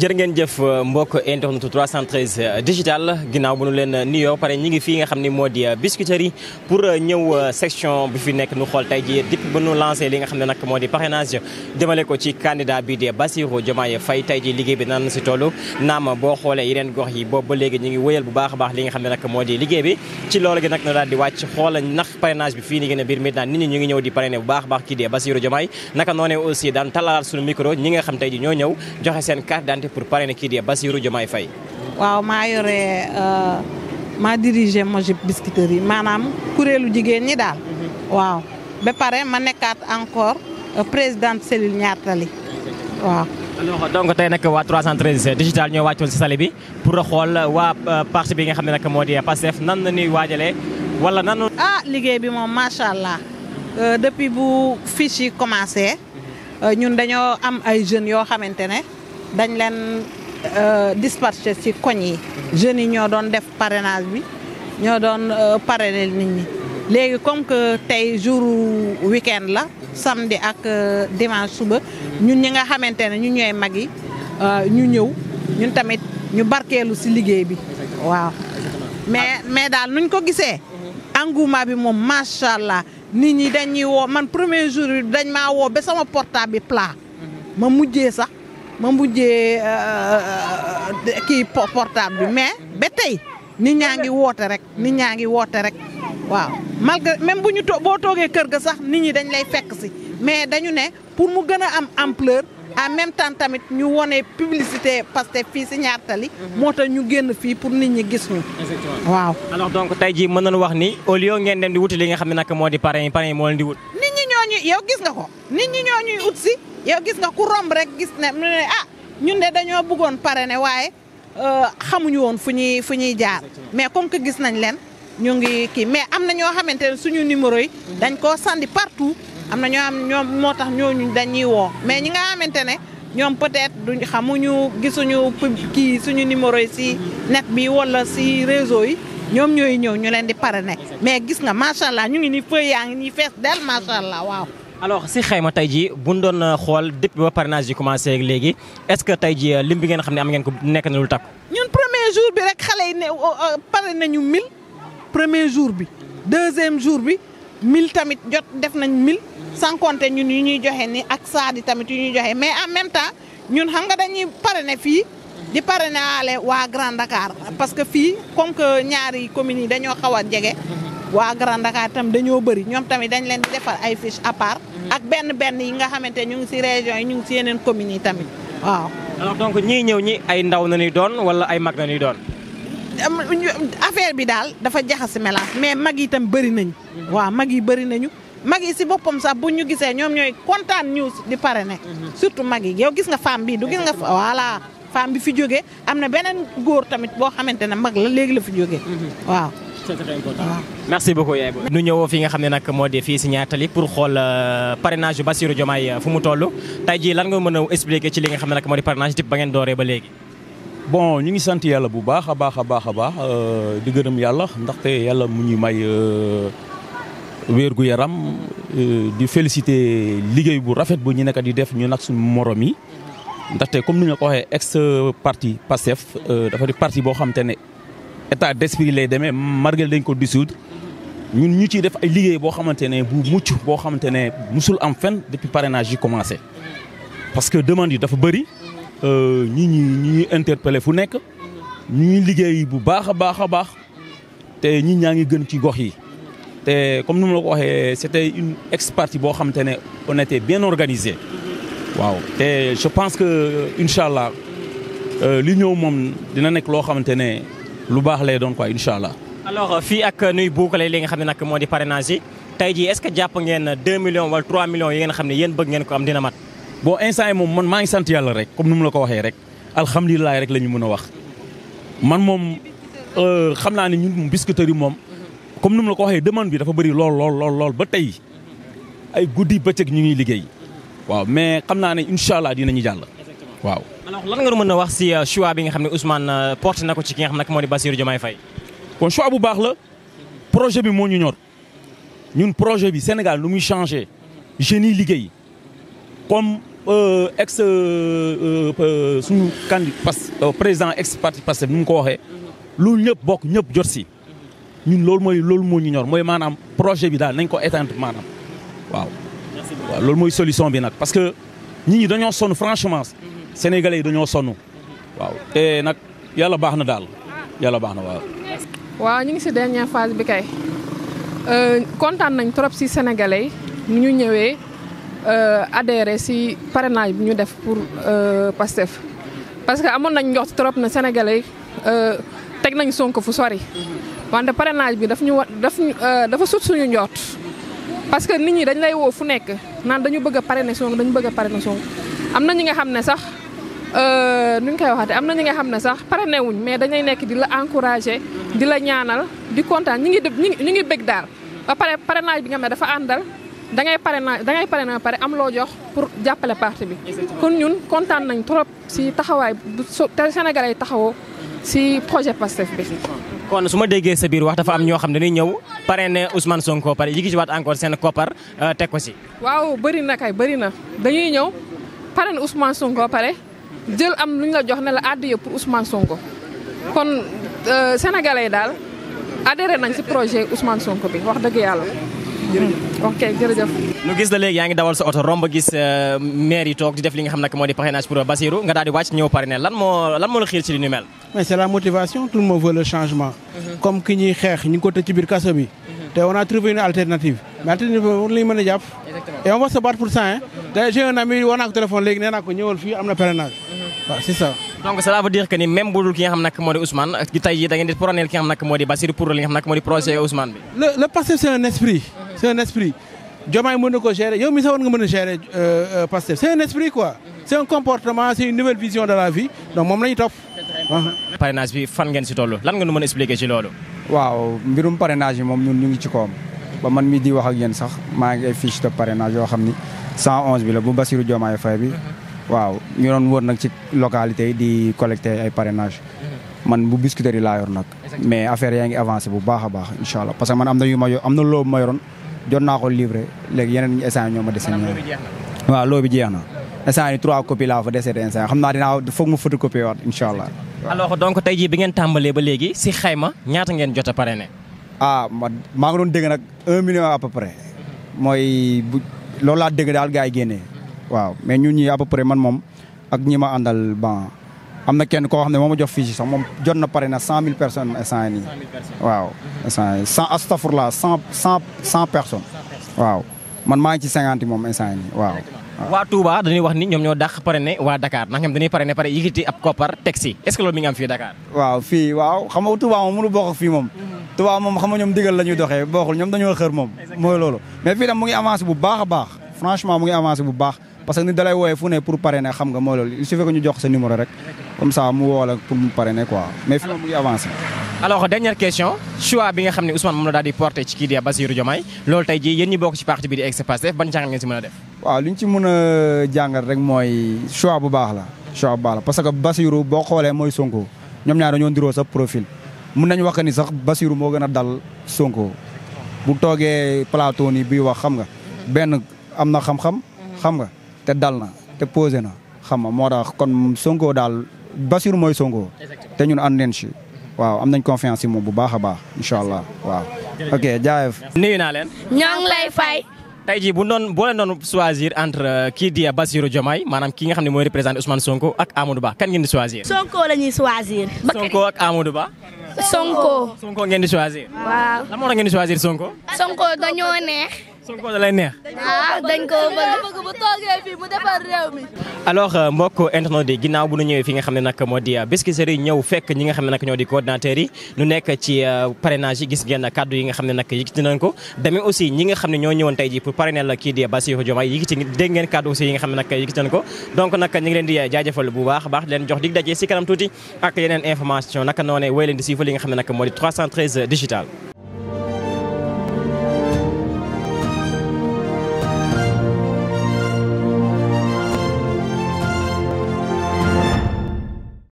jërë ngeen jëf euh, mbokk internet 313 euh, digital ginnaaw bu nu leen euh, nuyoo pare ñi ngi fii nga xam ni moo di biscuiterie pour ñëw section bi fi nekk nu xool tey ji depuis ba li nga xam ne nag moo di parrainage demale ko ci candidat bi di Bassirou Diomaye Faye tey ji liggéey bi nan si toll naam boo xoolee yeneen gox yi boobu ba léegi ñu ngi wëyal bu baax a baax li nga xam ne nag moo di liggéey bi ci loolu gi nag na daal di wàcc xool ndax parrainage bi fii ni gën a biir maintenant nit ñi ñu ngi ñëw di parrainer bu baax a xam tey ñoo pour parrainer kii di Bassirou Diomaye Faye. waaw maa yore euh, maa diriger Mojib Biscuiterie maanaam kuréelu jigéen ñi daal. Mhm. waaw ba pare ma nekkaat encore euh, présidente cellule ñaatali waaw. alors donc tey nag waa 313 digital ñoo wàccoon si sali bi pour xool waa euh, parti bi nga xam ne nag moo di Pastef nan la ñuy waajalee wala nan. ah liggéey bi moom macha allah depuis bu fiche yi commencé mhm. ñun dañoo am ay jeunes yoo xamante ne. dañ leen euh, dispatché ci koñ yi jeunes yi ñoo doon def parrainage bi ñoo doon euh, parrainer nit ñi léegi comme que tey jour week la samedi ak euh, dimanche suba ñun ñi nga xamante ne ñu ñooy mag yi ñu ñëw ñun tamit ñu barkeelu ci liggéey bi waaw mais mais daal nuñ ko gisee engouement bi moom macha allah nit ñi dañuy woo man premier jour bi dañ maa woo ba sama portable bi plat ma mujjee sax ma mujjee euh, euh, kii portable bi mais ba tey nit ñaa ngi woote rek nit ñaa ngi woote rek waaw malgré même bu ñu too boo toogee kër ga sax nit ñi dañ lay fekk si mais dañu ne pour mu gën a am ampleur en même temps tamit ñu wone publicité Pastef fii si ñaartali Tali. Mhm. moo tax ñu génn fii pour nit ñi gis ñu. waaw. alors donc tey jii mën na nañu wax ni au lieu ngeen dem di wuti li nga xam ne nag moo di parrain yi parrain yi moo leen di wut. nit ñi ñoo ñuy yow gis nga ko nit ñi ñoo ñuy ut si. yow gis nga ku romb rek gis ne ah ñun de dañoo buggoon pare ne waaye euh, xamuñu woon fu ñuy fu ñuy jaar mais comme que gis nañ leen ñu ngi kii mais am na ñoo xamante ne suñu numéro yi mhm. dañ koo sandi partout mhm. am na ñoo am ñoom moo tax ñooñu dañuy woo mais ñi nga xamante ne ñoom peut-être duñ xamuñu gisuñu kii suñu numéro yi si mhm. net bi wala si réseau yi ñoom ñooy ñëw ñu leen di pare parrainer mais gis nga macha allah ñu ngi ni feu yaa ngi nii fees del macha waaw alors si xayma tey jii bu ñu doon euh, xool depuis ba commencé rek léegi est-ce que tey jii euh, lim bi ngeen xam ne am ngeen ko nekk na lu takku. ñun premier bi rek xale yi ne oh, oh, pare nañu mil premier jour bi deuxième jour bi 1000 tamit jot def nañ 1000 sans compter ñun yu ñuy joxe ni ak saadi tamit yu ñuy joxe mais en même temps ñun xam nga dañuy parrainer fii di parrainer aale waa Grand Dakar parce que fii comme que ñaari communes yi dañoo xaw a jege. waa Grand Dakar tam dañoo bëri ñoom tamit dañ leen di defar ay fiches à ak benn benn yi nga xamante ñu ngi si région yi ñu ngi si yeneen communes yi tamit waaw. alors ñii ñëw ñi ay ndaw na doon wala ay mag na ñuy doon. affaire bi daal dafa jaxasi mélange mais mag yi tam bëri nañu. Mhm. waaw mag yi bëri nañu. mag yi si boppam sax bu ñu gisee ñoom ñooy kontaan news di pare ne mhm. surtout mag yi yow gis nga femme bi du gis nga voilà femme bi fi jógee am na beneen góor tamit boo xamante ne mag la léegi la fi jógee mhm. waaw. c'est très important merci beaucoup yaay booy. nu ñëwoo fi nga xam ne nag moo di fii si ñaatali pour xool euh, parrainage yu Bassirou euh, fu mu toll tey jii lan nga mën a expliquer ci li nga xam ne nag moo di parrainage dip ba ngeen dooree ba léegi. bon ñu ngi sant yàlla bu baax a baax a baax a baax euh, di gërëm yàlla ndaxte yàlla mu ñuy may wéer gu yaram di féliciter liggéey bu rafet bu ñu nekk di def ñu nag suñu morom yi. ndaxte comme ni nga ko waxee ex parti PASTEF dafa di parti boo xam état d'esprit lay demee malgré dañ ko dissoudre ñun ñu ciy def ay liggéey boo xamante ne bu mucc boo xamante ne musul am fenn depuis parrainage yi commencé. parce que demande yi dafa bëri euh, ñi ñi ñuy interpellé fu nekk ñu ngi liggéey bu baax a baax a baax te ñi ñaa ngi gën ci gox yi. te comme nu ma la ko waxee c'était une ex boo xamante ne on était bien organisé. waaw te je pense que incha allah euh, li ñëw moom dina nekk loo xamante ne. lu baax lay doon quoi incha allah. alors euh, fii ak nuy buukale li nga xam ne nag moo di parrainage yi tey jii est-ce que jàpp ngeen 2 millions wala 3 millions yi ngeen xam ne yéen bëgg ngeen ko am dina mat. bon instant yi moom man maa ngi sant yàlla rek comme ni mu la ko waxee rek alhamdulilah rek la ñu mën a wax man moom euh, xam naa ne ñun Biscuiterie moom comme ni mu la ko waxee demande bi dafa bëri lool lool lool ba tey ay guddi bëccëg ñu ngi liggéey waaw mais xam naa ne incha allah dinañu jàll alors lan nga mën a wax si euh, choix bi nga xam ne Ousmane euh, porté na ko ci ki nga xam ne moo di Bassirou Diomaye Faye. bon choix bu baax la projet bi moo ñu ñor ñun projet bi Sénégal lu muy changé jeunes yi liggéey comme euh, ex suñu candidat parce président ex parti Pastef ni mu ko waxee loolu ñëpp bokk ñëpp jot si. ñun loolu mooy loolu moo ñu ñor mooy maanaam projet bi daal nañ ko éteindre maanaam waaw. loolu mooy solution bi nag parce que nit ñi dañoo sonn franchement sénégalais yi dañoo sonn waaw te nag yàlla baax na daal yàlla baax na waaw. waaw ñu ngi si dernière phase bi kay euh, kontaan nañ trop si sénégalais yi ñu ñëwee euh, adhéré si pare parrainage bi ñu def pour euh, Pastef parce que amoon nañ njox trop na sénégalais teg nañ Sonko fu sori wante parrainage bi daf ñu wa daf dafa sut suñu njoot parce que nit ñi dañ lay woo fu nekk naan dañu bëgg a na Sonko dañu bëgg a parrainer Sonko am na ñi nga xam ne sax. Euh, nu ñu koy waxatee am na ñi nga xam ne sax pare newuñ mais dañuy nekk di la encouragé di la ñaanal di kontaan ñu ngi dëb ñi ngi bëgg daal ba pare parrainage bi nga xam ne dafa àndal da ngay parrainage dangay ngay parrainage pare am loo jox pour jàppale parti bi kon ñun kontaan nañ trop si taxawaay te Sénégalais yi taxawoo si projet PASTEF bi kon su ma déggee sa biir wax dafa am ñoo xam ne dañuy ñëw parrainé Ousmane Sonko pare yi ci waat encore seen koppar euh, teg ko si waaw bëri na kay bëri na dañuy ñëw parrainé Ousmane Sonko pare jël am lu ñu la jox ne la àddiya pour Ousmane Sonko kon euh, sénégalais daal adhéré nañ si projet Ousmane Sonko bi wax dëgg yàlla. jërëjëf ok jërëjëf. ñu gis la léegi yaa ngi dawal sa oto romb gis euh, maire yi toog di def li nga xam nag moo di parrainage pour Bassirou nga daal wàcc ñëw parrainé lan moo lan moo la xiir ci li nu mel. mais c'est la motivation tout le monde veut changement. Mhm. comme ki ñuy xeex ñu ngi ko tëj ci biir kaso bi. Mhm. te on a trouvé une alternative. mais alternative boobu lañu mën a jàpp. et on va se battre pour ça hein. j'ai un ami woo naa ko téléphone léegi nee naa ko ñëwal fii am na parrainage. Mhm. waaw c'est ça. donc cela ngeen bi. le le Pastef euh, euh, ah. si toll lan nga nu mën a expliquer ci loolu. waaw mbirum parrainage moom ñun ñu ngi ci koom ba man mii di sax maa ngi ay fiche de parrainage yoo ni bi la bu Bassirou Diomaye Faye bi. Mhm. waaw ñu doon wër nag ci localité di collecter ay parrainage mhm. man bu biscuiterie laa yor nag mais affaire yaa ngi avancé bu baax a baax incha allah parce que man am na yu ma am na loo ma yoroon jot naa ko livré léegi yeneen ñu instant ñoo ma dese waaw loo bi jeex na instant yi trois copies laa fa dese instant xam naa dinaa foog ma photocopier waat incha allah alors donc tey jii bi ngeen tàmbalee ba léegi si xayma ñaata ngeen jot a parrainé ah maa ngi doon dégg nag million à peu mhm. mooy bu loolu laa dégg daal gars yi génnee waaw mais ñu ñi à peu près man moom ak ñi ma àndal ban am na kenn koo xam ne moom ma jox fii si sax moom jot na pare na cent mille personnes instant yii nii waaw instant yii cent astafurla cent cent cent personnes waaw man maa ngi ci cinquante moom i yii nii waaw waa Touba wax ni ñoom ñoo dàq pare ne waa Dakar ndax ñoom dañuy pare ne pare yëkkati ab koppar taxi est-ce que loolu mi am fii Dakar waaw fii waaw xam nga Touba moom mënu bokk fii moom mm-hmm. Touba moom xam nga ñoom digal la ñuy doxee bokkul ñoom dañoo xër moom mooy loolu mais fii bu baax a baax franchement mu ngi avancé bu parce que nit dalay wooyee fu ne pour parrainer xam nga mooy loolu il suffit que ñu jox sa numéro rek comme ça mu woo la pour mu parrainer quoi mais fi mu ngi avancé. alors question choix bi nga xam ne Ousmane moom la daal di porté ci kii di Bassirou Diomaye loolu tey jii yéen ñi bokk ci parti bi di ex-Pastef ban jàngat ngeen si mën a def. waaw li ñu ci mën a jàngat rek mooy choix bu baax la. choix bu baax la parce que Bassirou boo xoolee mooy Sonko ñoom ñaar dañoo ndiroo sa profil mun nañu wax ni sax Bassirou moo gën a dal Sonko bu toogee plateau ni bii wax xam nga benn am na xam xam nga. te dal te posé na moo tax kon Sonko daal Bassirou mooy Sonko. te ñun ànd leen si. waaw am nañ confiance ci moom bu baax a baax incha allah waaw. ok jaayef. nuyu naa leen. ñoo ngi lay fay. tey jii bu doon boo leen doon choisir entre euh, kii di Bassirou Diomaye maanaam ki nga xam ne mooy représenté Ousmane Sonko ak Amadou Ba kan ngeen di choisir. Sonko la ñuy choisir. ak Amadou Ba. Sonko. Sonko ngeen di choisir. waaw lan Sonko da lay neex. waaw ah, dañ ko bëgg toogee fii mu defar réew mi. alors euh, mbokk internet yi ginnaaw bu nu ñëwee fi nga xam ne nag moo di euh, Biscuiterie ñëw nga xam ne nag ñoo di coordinateur yi nu nekk ci euh, parrainage yi gis ngeen kàddu yi nga xam ne nag yëkkati nañ ko demee aussi ñi nga xam ne ñoo ñëwoon tey ji pour parrainer yi nga xam ne leen di jaajëfal baax baax leen jox dig dajee si kanam tuuti ak yeneen information naka noonee wéy leen di nga xam ne nag moo di digital